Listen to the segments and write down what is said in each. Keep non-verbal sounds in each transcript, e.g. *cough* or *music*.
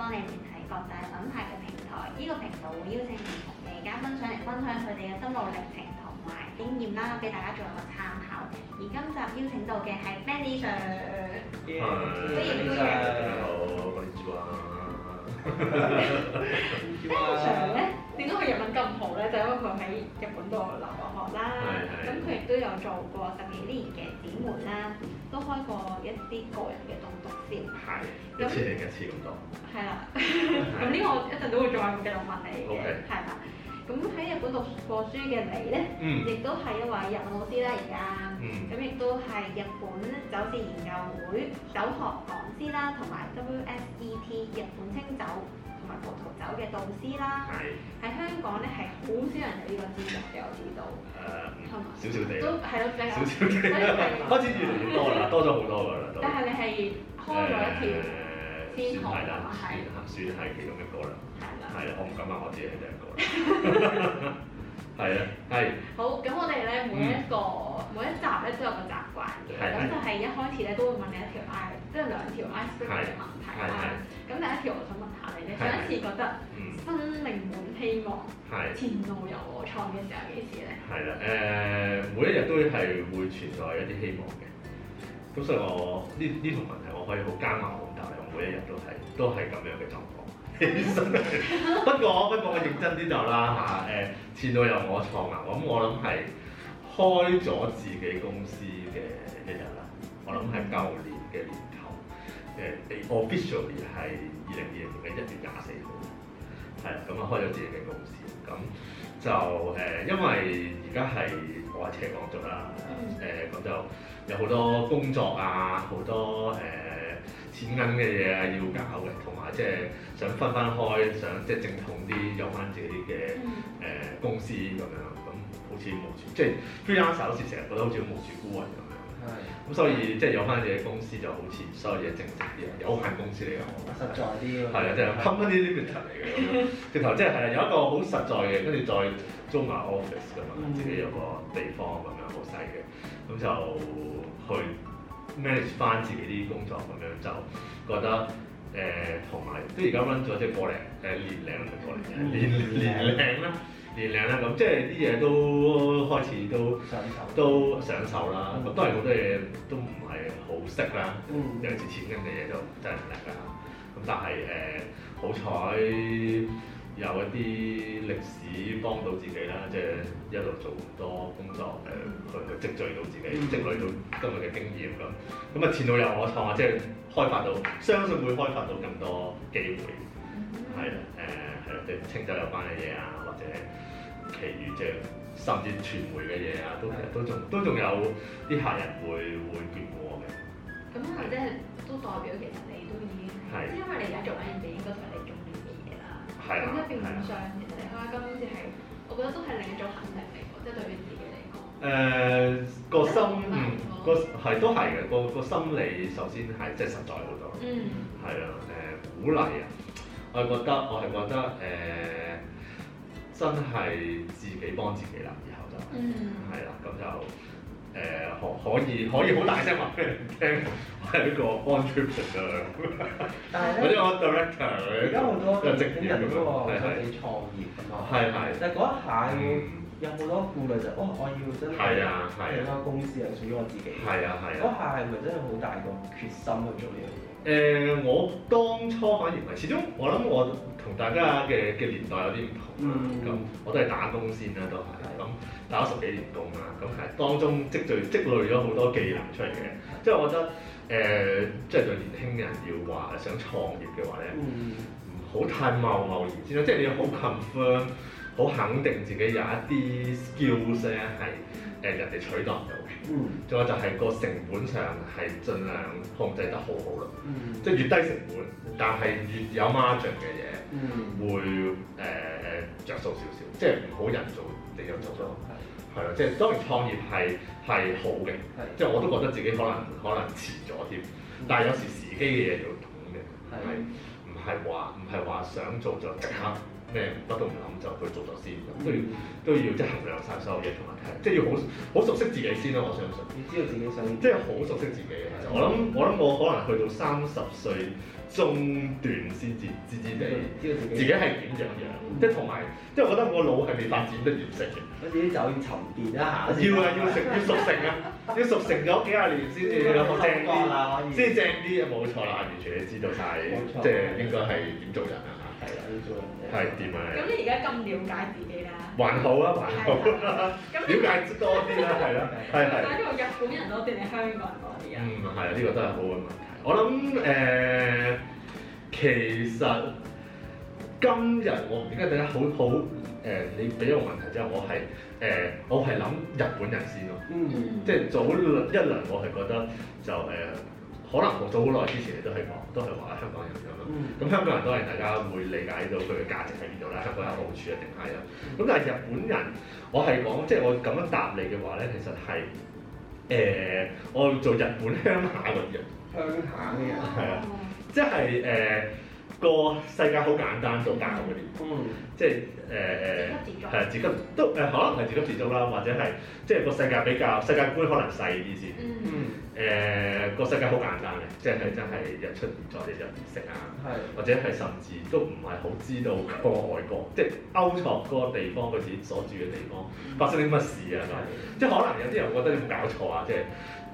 幫你聯繫各大品牌嘅平台，依個平台會邀請唔同嘅嘉賓上嚟分享佢哋嘅心路歷程同埋經驗啦，俾大家做一個參考。而今集邀請到嘅係 Benny Sir，歡迎 Benny Sir。你好，Benny Sir。Benny Sir 咧。見到佢日文咁好咧？就因為佢喺日本度留學啦。咁佢亦都有做過十幾年嘅姊妹啦，都開過一啲個人嘅中毒先，係的本一次定一次咁多？係啦了。咁呢 *laughs* *laughs* 個我一陣都會再繼續問你嘅。係啦 Okay.。咁喺日本讀過書嘅你咧，亦都係一位日文老師啦，而家。咁亦都係日本酒侍酒研究會酒學講師啦，同埋 WSET 日本清酒。葡萄酒嘅導師啦，喺香港咧係好少人有呢個資格嘅，我知道。誒，少少地，都係咯，少少地啦。開多多咗好多噶啦。但係你係開咗一條先河，算係其中一個啦。係啦，係我唔敢話我自己係第一個啦。係啦，係。好，咁我哋咧每一個每一集咧都有個習慣，咁就係一開始咧都會問你一條 I。即係兩條 ice cream 嘅問題。咁第一條，我想問下你，你上一次覺得生命滿希望，前路由我創嘅時候幾時咧？係啦，誒、呃，每一日都係會存在一啲希望嘅。咁所以我，我呢呢條問題我可以好艱難回答。我每一日都係都係咁樣嘅狀況。不過 *laughs* *laughs* *laughs* 不過，我認真啲就啦嚇誒，前路由我創啊！咁我諗係開咗自己公司嘅一日啦。我諗係舊年嘅年。誒，officially 係二零二零年嘅一月廿四號，係啦，咁啊開咗自己嘅公司，咁就誒，因為而家係我係斜槓族啦，誒，咁就有好多工作啊，好多誒錢銀嘅嘢啊要搞嘅，同埋即係想分返開，想即係正統啲有翻自己嘅誒公司咁樣，咁好似無主，即係 freelancer 成日好似成日覺得好似好無主孤魂咁。咁、嗯、所以即係有翻自己公司就好似所有嘢正直啲啊，有限公司嚟嘅，實在啲咯，係啊， *laughs* 即係 company limited 嚟嘅，嗯、 *laughs* 直頭即係係有一個好實在嘅，跟住再租埋 office 咁嘛，自己、mm hmm. 有個地方咁樣好細嘅，咁、嗯、就去 manage 翻自己啲工作咁樣，就覺得誒同埋，呃、to, 即係而家 run 咗即係過嚟誒年齡、mm hmm. 年齡年齡。年年齡年齡啦，咁即係啲嘢都開始都手都享受啦，咁、嗯、都係、嗯呃、好多嘢都唔係好識啦，有啲錢咁嘅嘢就真係唔叻噶嚇，咁但係誒好彩有一啲歷史幫到自己啦，即係一路做咁多工作誒，去去積聚到自己積累到今日嘅經驗咁，咁啊前路由我創即係開發到相信會開發到咁多機會，係誒係啦，即係清酒有關嘅嘢啊。或者其餘即係甚至傳媒嘅嘢啊，都係是的 都仲都仲有啲客人會會聯絡我嘅。咁或者都代表其實你都已經，只是的 因為你而家做緊人哋應該都係你中意嘅嘢啦。咁一是的 便面上其實開金好似係，我覺得都係另一種肯定嚟嘅，即係對於自己嚟講。誒個心個係都係嘅個個心理，首先係即係實在好多。嗯，係啊誒鼓勵啊，我係覺得我係覺得誒。呃 *music* 真係自己幫自己啦，以後就係啦，咁就誒可、欸、可以可以好大聲話俾人聽，係我幫 trip 成㗎。但係是咧， *laughs* 或者我 director 而家好多年輕人喎，想你創業咁啊，係係。但係嗰一下有好多顧慮就是，哇是、啊哦！我要真係成立間公司係屬於我自己，係是啊係啊。嗰下係咪真係好大個決心去做呢樣嘢？誒、呃，我當初反而唔係，始終我諗我同大家嘅嘅年代有啲唔同、啊，咁、嗯、我都係打工先啦、啊，都係咁打咗十幾年工啦、啊，咁、嗯、係當中積聚積累咗好多技能出嚟嘅，嗯、即係我覺得誒、呃，即係對年輕人要想創話想創業嘅話咧，唔好、嗯、太貿貿然先啦，即係你要好 confirm。好肯定自己有一啲 skills 咧，係誒人哋取代唔到嘅。仲、嗯、有就係個成本上係盡量控制得好好啦。嗯、即係越低成本，但係越有 margin 嘅嘢，嗯、會誒着、呃、數少少，即係唔好人做，你又做到。係咯的，即係當然創業係係好嘅，的即係我都覺得自己可能可能遲咗添。的但係有時時機嘅嘢要等嘅，係唔係話唔係話想做就即刻。咩乜都唔諗，就去做咗先。咁都要都要即係衡量晒所有嘢同埋，睇，即係要好好熟悉自己先咯。我相信。要知道自己想，即係好熟悉自己嘅。我諗我諗我可能去到三十歲中段先至知知哋，知道自己自己係點樣樣。即係同埋，即我覺得我個腦係未發展得完成嘅。我自己就要沉澱一下。要啊要成要熟成啊！要熟成咗幾廿年先至有正啲，先正啲冇錯啦！完全你知道曬，即係應該係點做人啊！係點啊？咁你而家咁了解自己啦？還好啊，還好、啊。 *laughs* 了解多啲啦，係啦，係係。呢個日本人多啲定香港人多啲啊？嗯，係啊，呢、這個都係好嘅問題。我諗誒、呃，其實今日我點解第一好好誒、呃，你俾個問題之後，我係誒、呃，我係諗日本人先咯、啊。嗯。嗯即係早一兩，一兩我係覺得就誒、是。可能我做好耐之前，你都係講，都係話香港人咁樣咯。咁、嗯、香港人都係大家會理解到佢嘅價值喺邊度啦，香港有好處一定係啦。咁但係日本人，我係講即係我咁樣答你嘅話咧，其實係誒、呃，我做日本鄉下嘅人，鄉下嘅人係啊，即係誒。就是呃個世界好簡單，做教嗰啲，即係誒係自給都誒，可能係自給自足啦，或者係即係個世界比較世界觀可能細啲先，誒個、嗯嗯呃、世界好簡單嘅，即係真係日出而作，日入而食啊，是或者係甚至都唔係好知道嗰個外國，即、就、係、是、歐藏嗰個地方佢自己所住嘅地方發生啲乜事啊，是即係可能有啲人覺得有冇搞錯啊，即係。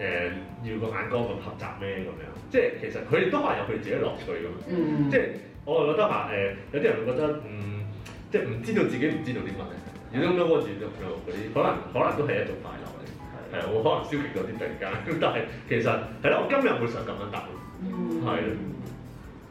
誒要個眼光咁狹窄咩咁樣？即係其實佢哋都係有佢自己嘅樂趣咁。嗯、即係我係覺得話誒，有啲人會覺得嗯，即係唔知道自己唔知道啲乜嘢。如果咁多活動有嗰啲，可能可能都係一種快樂嚟。係我的可能消極咗啲突然間，但係其實係啦，我今日會想咁樣答。係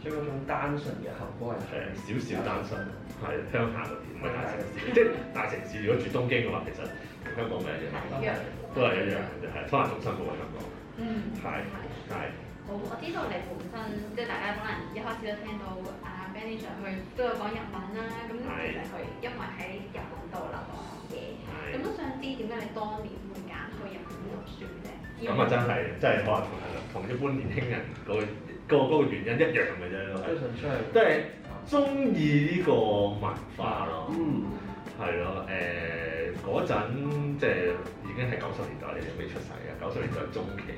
將嗰種單純嘅後果係誒少少單純，係的鄉下嗰啲唔係大城市。即係 *laughs* 大城市如果住東京嘅話，其實香港咪一樣。 *laughs* 都係一樣嘅，係翻嚟仲辛苦啊，差唔多。嗯，係係。好，我知道你本身即係大家可能一開始都聽到阿 Benny Sir 佢都有講日文啦，咁其實佢因為喺日本度留學嘅。咁都想知點解你當年會揀去日本讀書咧？咁啊，真係真係可能同同一般年輕人個個嗰個原因一樣嘅啫咯。都想出去。都係中意呢個文化咯。嗯。係咯，誒嗰陣即係。已經係九十年代，你哋未出世啊！九十年代中期，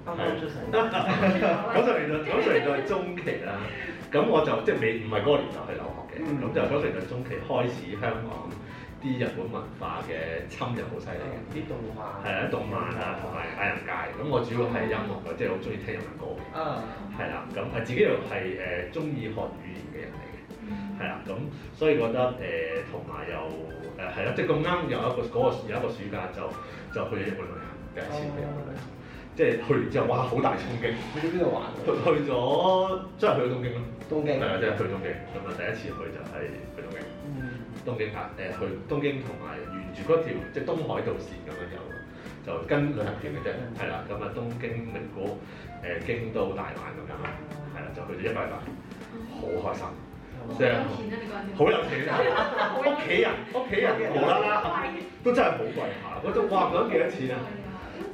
九十年代，九十年代中期啦。咁我就即係未，唔係嗰個年代去留學嘅。咁、mm hmm. 就九十年代中期開始，香港啲日本文化嘅侵入好犀利嘅。啲、mm hmm. 動漫係啊，啲動漫啊，同、hmm. 埋《阿人界》。咁我主要係音樂嘅，即係好中意聽日文歌嘅。嗯、mm。係、hmm. 啦，咁係自己又係誒中意學語言嘅人嚟嘅。嗯、mm。係、hmm. 啦，咁所以覺得誒，同埋又。誒係啦，即係咁啱有一個嗰、那個、有一個暑假就就去咗日本旅行，第一次去日本旅行，啊、即係去完之後，哇，好大衝擊！去咗邊度玩？去咗，即係去咗東京咯。東京係啊，即係去東京。咁啊京，第一次去就係去，嗯呃、去東京。嗯，東京行誒去東京同埋沿住嗰條即係東海道線咁樣遊，就跟旅行團嘅啫，係啦、嗯。咁啊，東京名古誒京都大阪咁樣啦，係啦，就去咗一帶帶，好開心。好有錢啊！屋企人，屋企人無啦啦，都真係好貴下。嗰陣哇，嗰陣幾多錢啊？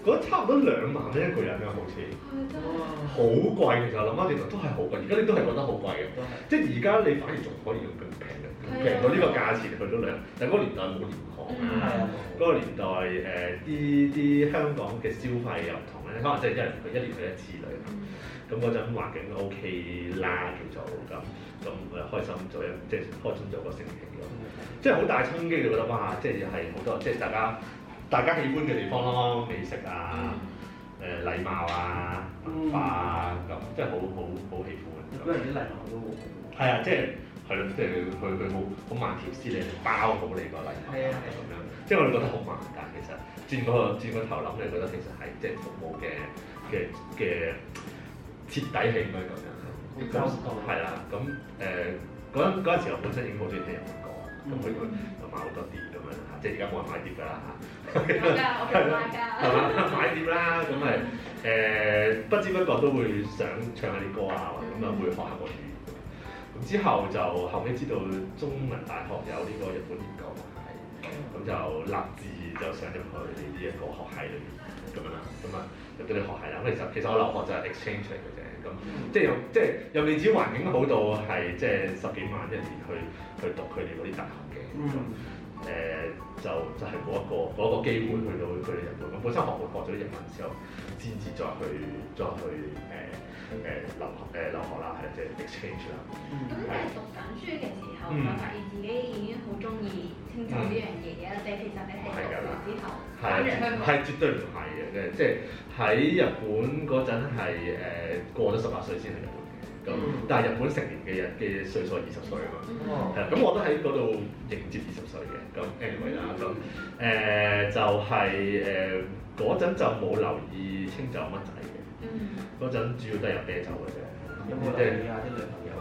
嗰陣差唔多兩萬蚊一個人啦，好似。係啊。好貴，其實諗翻起都係好貴，而家你都係覺得好貴嘅，即係而家你反而仲可以用咁平嘅，平到呢個價錢去到兩。但係嗰個年代冇廉航啊，嗰個年代誒啲啲香港嘅消費又唔同咧，可能即係一人去一年去一次旅。咁嗰陣環境 O K 啦，就咁咁誒開心做一即係、就是、開心做個星期咁，即係好大衝擊，就覺得哇！即係係好多即係大家大家喜歡嘅地方咯，美食啊誒、呃、禮貌啊文化啊咁，即係、嗯、好好好喜歡。咁啊啲禮貌都好。係啊，即係係咯，即係佢佢好好慢條斯理你包好你個禮貌啊咁樣，即係我哋覺得好煩，但其實轉個轉個頭諗，你覺得其實係即係服務嘅嘅嘅。徹底氣應該咁樣係啦，咁誒嗰陣嗰陣時，我本身已經好中意聽日文歌，咁佢佢又買好多碟咁樣，即係而家冇人買碟㗎啦嚇，係買㗎，碟吧 *laughs* 啦，咁係誒不知不覺都會想唱下啲歌啊，咁啊、嗯嗯、會學下個語，咁之後就後尾知道中文大學有呢個日本研究，咁就立志就上入去呢一個學系裏面咁、嗯、樣啦，咁啊入咗你學系啦，咁其實其實我留學就係 exchange 嚟嘅啫，咁、嗯嗯、即係有即係未至於環境好到係即係十幾萬一年去去讀佢哋嗰啲大學嘅，咁誒、嗯呃、就就係嗰一個嗰一個機會去到佢哋日本，咁本身學會學咗啲日文之後，先至再去再去誒。呃誒留學誒留學啦，係即係 exchange 啦。咁即係讀緊書嘅時候，我發現自己已經好中意清酒呢樣嘢啊！但係其實你係幾年之後，係的絕對唔係嘅，即係喺日本嗰陣係誒過咗十八歲先嚟日本咁，嗯、但係日本成年嘅人嘅歲數二十歲啊嘛。係咁、嗯嗯、我都喺嗰度迎接二十歲嘅咁，anyway 啦咁誒，就係誒嗰陣就冇留意清酒乜仔嘅。嗯，嗰陣主要都係飲啤酒嘅啫，有冇留意下啲女朋友？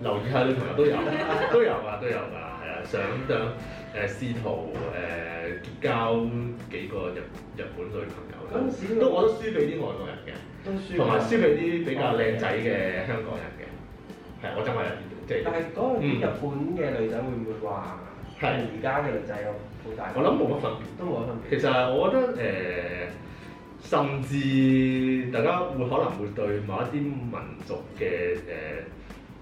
留意下女朋友都有，都有啊，都有㗎，係啊，想想誒試圖誒結交幾個日日本女朋友嘅，嗰陣時都我都輸俾啲外國人嘅，都輸，同埋輸俾啲比較靚仔嘅香港人嘅，係，我真係即係。但係嗰陣時日本嘅女仔會唔會話？係而家嘅女仔好大。我諗冇乜分別，都冇乜分別。其實我覺得誒。甚至大家會可能會對某一啲民族嘅誒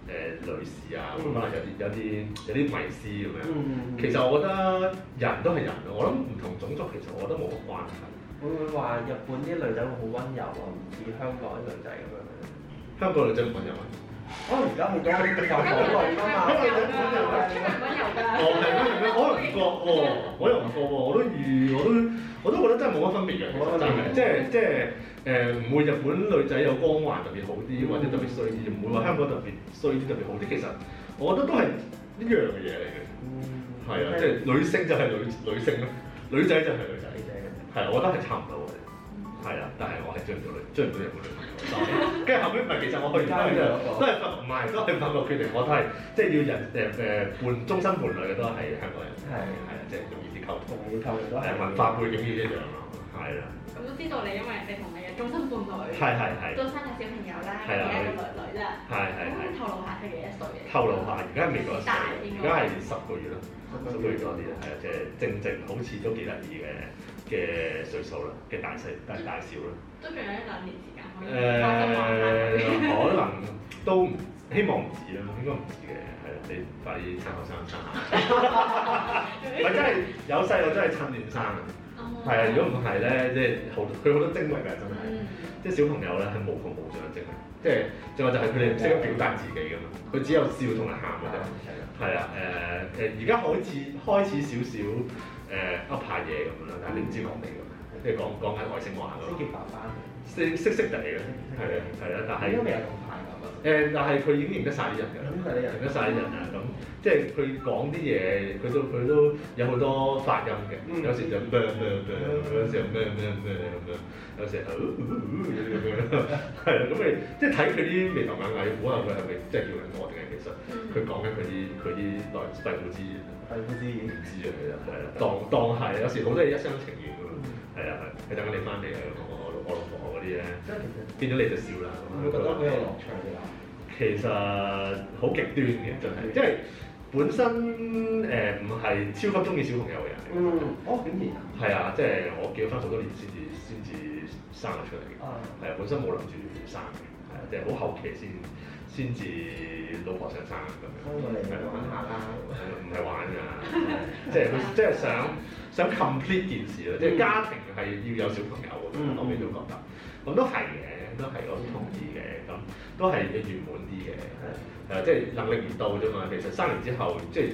誒女士啊，可能、mm. 有啲有啲有啲迷思咁樣。Mm. 其實我覺得人都係人，我諗唔同種族其實我覺得冇乜關係。會唔會話日本啲女仔會好温柔啊？唔似香港啲女仔咁樣？香港女仔唔温柔，可能而家好多香港女㗎嘛。哦，係咩？咩？我又唔覺我又唔覺喎，我都預，我都。我我都覺得真係冇乜分別嘅，就係即係即係誒，唔、就是呃、會日本女仔有光環特別好啲，或者特別衰啲，唔會話香港特別衰啲、特別好啲。其實我覺得都係一樣嘅嘢嚟嘅，係啊、嗯，即係女性就係、是、女女性咯，女仔就係女仔，係啊，我覺得係差唔多。係啊，但係我係追唔到女，追唔到日本女朋友。跟住後邊唔係，其實我去完之後，都係唔係都係兩個決定，我都係即係要人誒誒伴終身伴侶嘅都係香港人。係係啊，即係容易啲溝通。要溝通係文化背景要一樣啊嘛。係啦。咁都知道你，因為你同你嘅終身伴侶係係係，生咗小朋友啦，而家一個女女啦。係係係。透露下佢幾多歲啊？透露下，而家係未夠大，而家係十個月咯，十個月多啲啦，係啊，即係正正好似都幾得意嘅。嘅歲數啦，嘅大細，嗯、大大少啦，都仲有一兩年時間可以。嗯、可能都唔 *laughs* 希望唔止啦，應該唔止嘅。係、啊、你快啲趁後生，趁下，咪、 *laughs* 嗯、 *laughs* 真係有細路真係趁年生啊！係啊， *laughs* 如果唔係咧，即係好佢好多精力㗎，真係，即係 *laughs* 小朋友咧係無窮無盡嘅精力。即係，最後就係佢哋唔識得表達自己㗎嘛，佢只有笑同埋喊㗎啫，係啊，係啊，誒誒，而家好似開始少少誒噏下嘢咁樣啦，但係你唔知講咩㗎，即係講講下外星話咯。先見爸爸。先識識地咯，係啊係啊，但係。應該未有咁態㗎嘛？誒，但係佢已經認得晒啲人㗎啦，咁你認得晒人啊？即係佢講啲嘢，佢都佢都有好多發音嘅、嗯，有時就咩咩咩，有時又咩咩咩咁樣，有時咁樣咯，係咁你即係睇佢啲眉頭眼尾，可能佢係咪即係叫你我定係其實佢講緊佢啲佢啲內肺腑之言，肺腑之言唔知啊，其實係啦，對當當係，對有時好多嘢一廂情願㗎嘛，係啊、mm.，係，你等緊你媽嚟啊，我老婆嗰啲咧，變咗你就笑啦，會的覺得好有樂趣㗎。其實好極端嘅就係，即係本身誒唔係超級鍾意小朋友嘅人。嗯，哦，竟然？啊。係啊，即係我結咗婚好多年先至先至生咗出嚟嘅。係啊，本身冇諗住生嘅，係啊，即係好後期先先至老婆想生咁樣。嚟嚟玩下啦。唔係玩㗎，即係佢即係想想 complete 件事咯，即係家庭係要有小朋友嘅，我哋都覺得。咁都係嘅。都係我都同意嘅，咁都係一圓滿啲嘅，係， *noise* 誒即係能力唔到啫嘛。其實生完之後，即係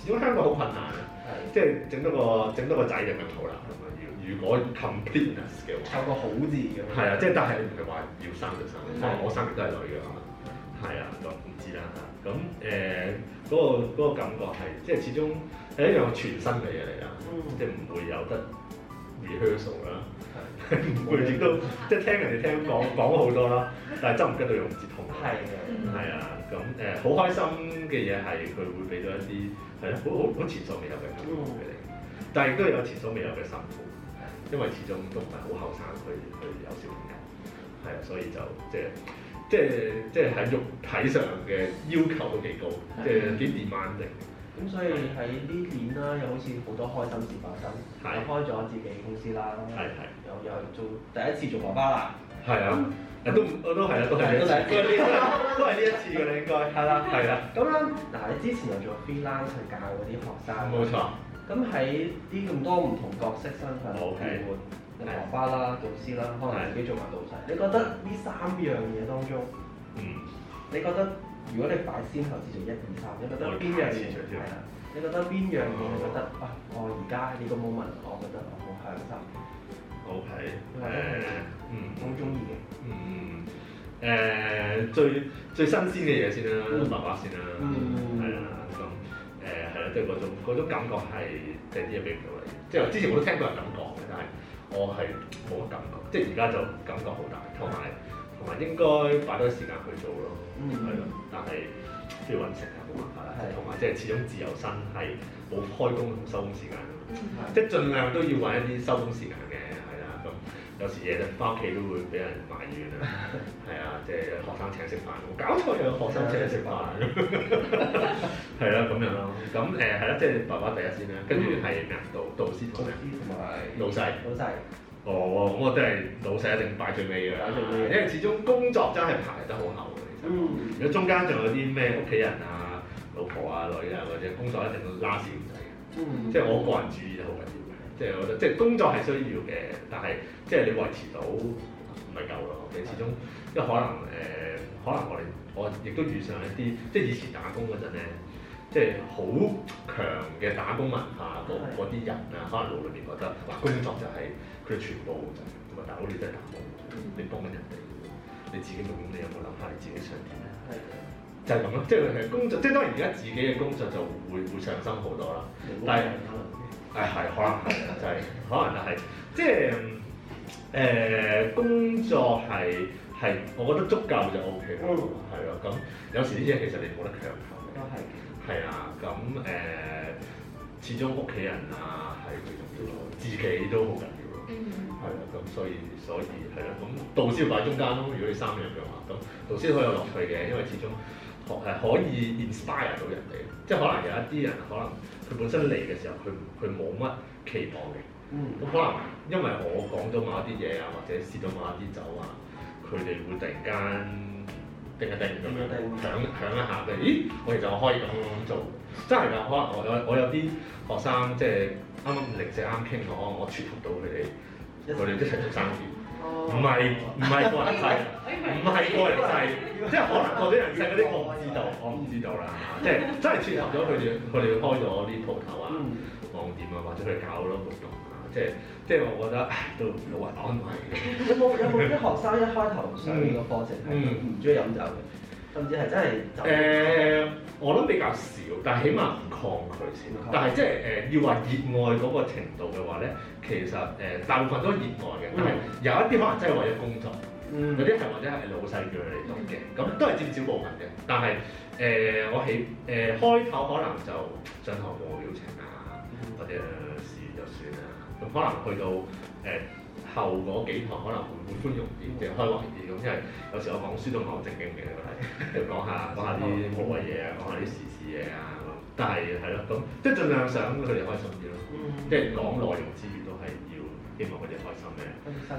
始終香港好困難，係， *noise* 即係整到個整多個仔就夠啦。咁啊，如 *noise* 如果 completeness 嘅話，有個好字咁樣，係 *noise* 啊，即係、就是、但係你唔係話要生就生， *noise* *noise* 我生亦都係女嘅嘛，係啊，咁唔知啦嚇。咁誒嗰個感覺係即係始終係一樣全新嘅嘢嚟啊，即係唔會有得。very h u 亦 *laughs* 都 *laughs* 即係聽人哋聽講講好多啦，但係真唔跟到又唔接通，係嘅 *laughs* 的，係啊、嗯，咁誒好開心嘅嘢係佢會俾到一啲係好好好前所未有嘅感覺俾你，哦、但係亦都有前所未有嘅辛苦，因為始終都唔係好後生去去有小朋友，係啊，所以就即係即係即係喺肉體上嘅要求都幾高，即係幾 demanding。 *laughs* *laughs* 咁所以喺呢年啦，又好似好多開心事發生，開咗自己公司啦，又又做第一次做爸爸啦，係啊，都我都係啊，都係呢，都係呢一次㗎啦應該，係啦係啦。咁啦，嗱你之前又做 freelancer 教嗰啲學生，冇錯。咁喺啲咁多唔同角色身份嚟換，做爸爸啦、老師啦，可能自己做埋導師。你覺得呢三樣嘢當中，你覺得？如果你擺先頭是做一、二、三，你覺得邊樣？係啦，吧你覺得邊樣嘢？你覺得啊，我而家呢個 moment，我覺得我好享受。OK，誒，嗯，我好中意嘅。嗯，誒、呃，最最新鮮嘅嘢先啦，畫畫、嗯、先啦，係啊、嗯，咁誒係啦，都係嗰種嗰種感覺係，即係啲嘢俾唔到你。即、就、係、是、之前我都聽過人咁講嘅，但係我係冇乜感覺。即係而家就感覺好大，同埋是。同埋應該擺多啲時間去做咯，係咯、嗯，但係即要揾食係冇辦法啦。同埋即係始終自由身係冇開工同收工時間的，即係盡量都要揾一啲收工時間嘅係啦。咁有時夜得翻屋企都會俾人埋怨啊，係啊， *laughs* 即係學生請食飯，我搞錯係學生請食飯，係啦咁樣咯。咁誒係啦，即係爸爸第一先啦，跟住係誒導導師同埋老細。哦，咁我都係老細一定擺最尾嘅，因為、啊、始終工作真係排得好厚嘅，其實、嗯。如果中間仲有啲咩屋企人啊、老婆啊、女啊或者工作，一定要拉線住仔嘅。嗯、即係我個人主意義得好緊要嘅、嗯，即係我覺得即係工作係需要嘅，但係即係你維持到唔係夠咯。你、嗯、始終，因為可能誒、呃，可能我哋我亦都遇上一啲，即係以前打工嗰陣咧。即係好強嘅打工文化，嗰啲人啊，可能腦裏邊覺得哇，工作就係佢哋全部就係同埋大佬你都係打工，嗯、你幫緊人哋，你自己做緊，你有冇諗下你自己想點咧？係的就係咁咯，即係其實工作，即係當然而家自己嘅工作就會會上心好多啦。的但係係係，可能係啊，就係可能就係即係誒工作係係，我覺得足夠就 O K 啦，係咯、哦。咁有時呢啲嘢其實你冇得強求，都係。係、呃、啊，咁誒，始終屋企人啊係最重要，自己都好緊要咯。嗯、mm，係、hmm. 咁所以所以係啦，咁導師擺中間咯。如果你三樣嘅話，咁導師可以有樂趣嘅，因為始終學係可以 inspire 到人哋，即係可能有一啲人可能佢本身嚟嘅時候佢佢冇乜期望嘅。嗯、mm，咁、hmm. 可能因為我講到某一啲嘢啊，或者試到某一啲酒啊，佢哋會突然間。定一定咁樣，響響一下咦，我其實可以咁樣做，真係嘅。可能我我我有啲學生即係啱啱嚟社啱傾，我我撮合到佢哋，佢哋一齊做生意。唔係唔係過嚟唔係過人曬，即係 *laughs* 可能我啲人識啲呢個，知道，我唔知道啦。道 *laughs* 即係真係撮合咗佢哋，佢哋開咗啲鋪頭啊、網店啊，或者佢哋搞咯活動。即係即係，我覺得都唔老雲。有冇有冇啲學生一開頭上呢個課程係唔中意飲酒嘅，甚至係真係？誒，我諗比較少，但係起碼唔抗拒先。但係即係誒、呃，要話熱愛嗰個程度嘅話咧，其實、呃、大部分都係熱愛嘅，嗯、但係有一啲可能真係為咗工作，嗯、有啲係或者係老細叫嚟讀嘅，咁、嗯、都係佔少部分嘅。但係誒、呃，我起誒、呃、開頭可能就上堂冇表情啊，或者。可能去到誒、呃、後嗰幾堂，可能會，會寬容啲，即係、哦、開懷啲咁。因為有時我講書都唔係好正經嘅，要講下講、嗯、下啲好嘅嘢，講、嗯、下啲時事嘢啊。但係係咯，咁即係盡量想佢哋開心啲咯。即係講內容之餘，都係要希望佢哋開心嘅。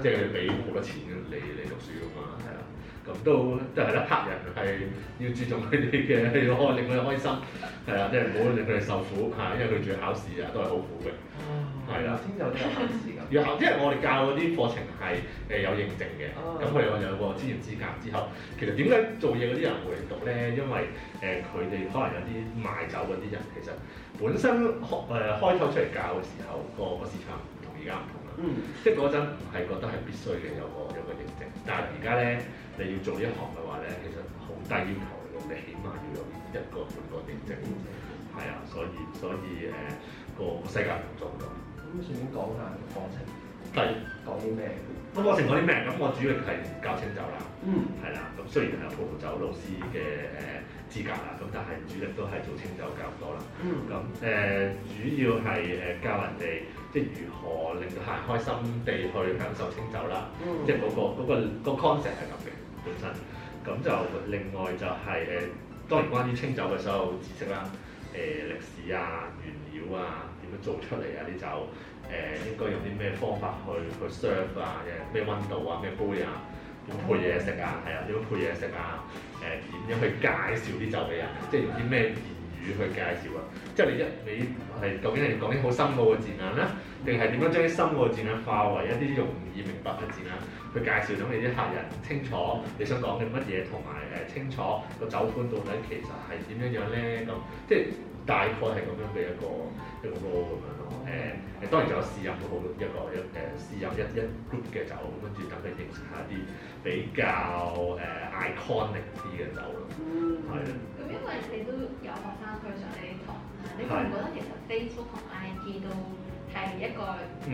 即係佢俾好多錢你，你，你讀書㗎嘛，係啦。嗯嗯。都都係咯，客人係要注重佢哋嘅，要令佢哋開心，係啊，即係唔好令佢哋受苦嚇，因為佢仲考試啊，都係好苦嘅。哦的。係啦，天有得考試咁。要考，因為我哋教嗰啲課程係誒有認證嘅，咁佢哋有個專業資格之後，其實點解做嘢嗰啲人會讀咧？因為誒佢哋可能有啲賣酒嗰啲人，其實本身、呃、開誒開頭出嚟教嘅時候，那個個市場同而家唔同啦。嗯。即係嗰陣唔係覺得係必須嘅有個有個認證，但係而家咧。你要做呢行嘅話咧，其實好低要求嘅，你起碼要有一個半科認證，係啊、嗯，所以所以誒個、呃、世界做唔做到？咁前面講下個課程係講啲咩？咁課程講啲咩？咁、啊、我，我主要係教清酒啦，嗯，係啦，咁雖然係葡萄酒老師嘅誒資格啦，咁但係主力都係做清酒教多啦，咁誒、嗯呃、主要係誒教人哋即係如何令到客人開心地去享受清酒啦，嗯嗯、即係、那、嗰個嗰、那個 concept 係咁嘅。那個那個那個本身咁就另外就係、是、誒，當然關於清酒嘅所有知識啦，誒、呃、歷史啊、原料啊，點樣做出嚟啊啲酒，誒、呃、應該用啲咩方法去去 serve 啊，咩溫度啊、咩杯啊，點配嘢食啊，係啊，點樣配嘢食啊，誒、呃、點樣去介紹啲酒俾人、啊，即係用啲咩？語去介紹啊，即係你一你係究竟係講啲好深奧嘅字眼咧，定係點樣將啲深奧嘅字眼化為一啲容易明白嘅字眼去介紹，等你啲客人清楚你想講嘅乜嘢，同埋誒，清楚個酒款到底其實係點樣樣咧咁，即係。大概係咁樣嘅一個一個咯，咁樣咯，誒，當然就有試飲好一個試一誒試飲一一 group 嘅酒，咁跟住等佢認識下啲比較誒、呃、iconic 啲嘅酒咯，係啦、嗯。咁的因為你都有學生去上你啲堂，的你覺唔覺得其實 Facebook 同 IG 都？係一個誒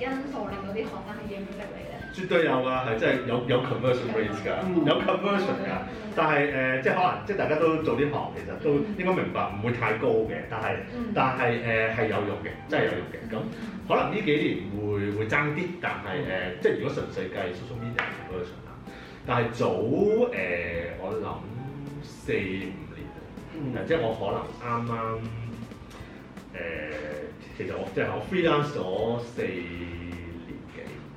因素令到啲學生係認識你嘅，絕對有啊，係真係有有 conversion rate 㗎，有 conversion 㗎。嗯、但係誒、呃，即係可能即係大家都做呢行，其實都應該明白，唔會太高嘅。但係、嗯、但係誒係有用嘅，真係有用嘅。咁可能呢幾年會會爭啲，但係誒，即係、嗯、如果純粹計 social media conversion，但係早誒、呃、我諗四五年，嗯嗯、即係我可能啱啱。其實我即係、就是、我 freelance 咗四年幾，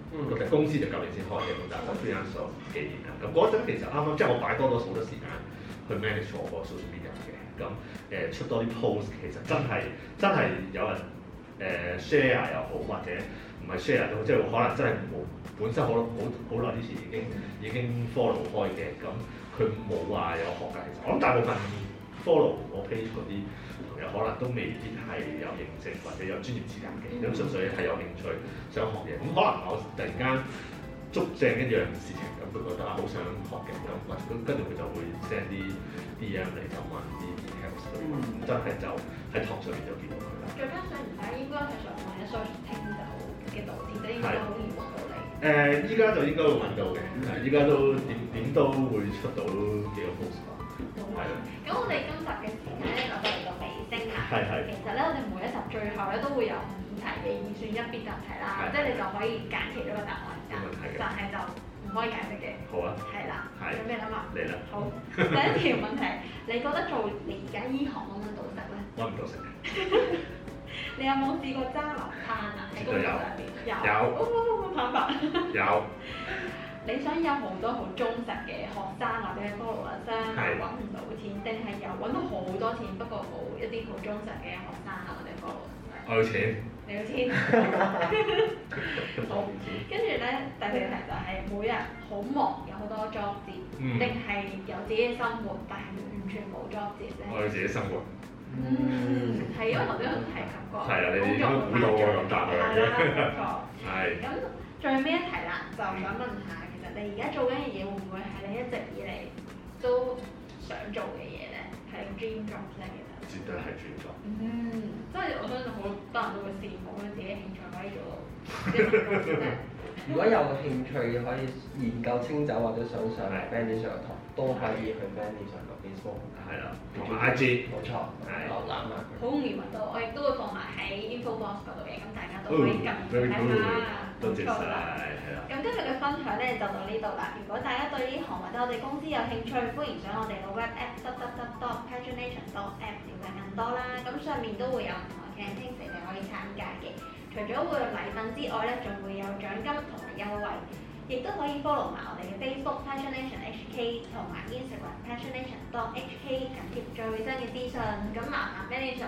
其間、嗯、公司就舊年先開嘅，咁但係我 freelance 咗幾年啦。咁嗰陣其實啱啱即係我擺多咗好多時間去 manage 我個 social media 嘅，咁誒、呃、出多啲 post，其實真係真係有人誒 share 又好，或者唔係 share 都好，即、就、係、是、可能真係冇本身好好好耐之前已經已經 follow 開嘅，咁佢冇話有學嘅。其實我諗大部分 follow 我 page 嗰啲。可能都未必係有認證或者有專業資格嘅，咁、嗯、純粹係有興趣想學嘢，咁、嗯、可能我突然間捉正一樣事情，咁佢覺得啊，好想學嘅，咁跟住佢就會 send 啲啲嘢嚟就問啲 details，、嗯、真係就喺堂上面就見到佢啦。再加上唔使應該喺上網一 search 嘅導師，呢應該好易揾到你。誒，依、呃、家就應該會揾到嘅，依家都點點都會出到幾個 post 啦，咁我哋今集嘅。其實咧，我哋每一集最後咧都會有五題嘅二選一必答題啦，即係你就可以揀其中一個答案嘅，但係就唔可以解釋嘅。好啊，係啦，有咩諗啊？嚟啦，好，第一條問題，你覺得做你而家醫學咁冇道德咧？冇唔道德嘅，你有冇試過揸流攤啊？喺工作上面有，有，哇，冇辦法，有。你想有好多好忠實嘅學生，或者係 followers，揾唔到錢，定係有揾到好多錢，不過冇一啲好忠實嘅學生或者 followers？我有錢。你有錢。我唔止。跟住咧，第四題就係每日好忙，有好多 job，定係有自己嘅生活，但係完全冇 job 咧？我有自己生活。嗯，係因為我都係感覺。係啦，你哋都估到我咁答嘅。係啦，冇錯。係。咁最尾一題啦，就想問下。你而家做緊嘅嘢會唔會係你一直以嚟都想做嘅嘢咧？係你 dream job 咧？其實絕對係 dream job。嗯、mm，即、hmm。係我相信好多人都會羨慕佢自己興趣可以做到。 *laughs* 如果有興趣可以研究清酒或者想上 Benny Sir 上堂，嗯、都可以去 Benny Sir 上落 Facebook，係啦。同埋 IG，冇錯，落啦。好容易揾到，我亦都會放埋喺 info box 嗰度嘅，咁大家都可以撳睇下。 *music* 都接啦，係啦。咁今日嘅分享咧就到呢度啦。如果大家對呢行或者我哋公司有興趣，歡迎上我哋嘅 Web App dot dot dot Passionation dot app 瞭解更多啦。咁上面都會有唔同嘅興趣係可以參加嘅。除咗會有禮品之外咧，仲會有獎金同埋優惠，亦都可以 follow 埋我哋嘅 Facebook Inst Passionation HK 同埋 Instagram Passionation dot HK 緊貼最新嘅資訊。咁麻煩俾你做。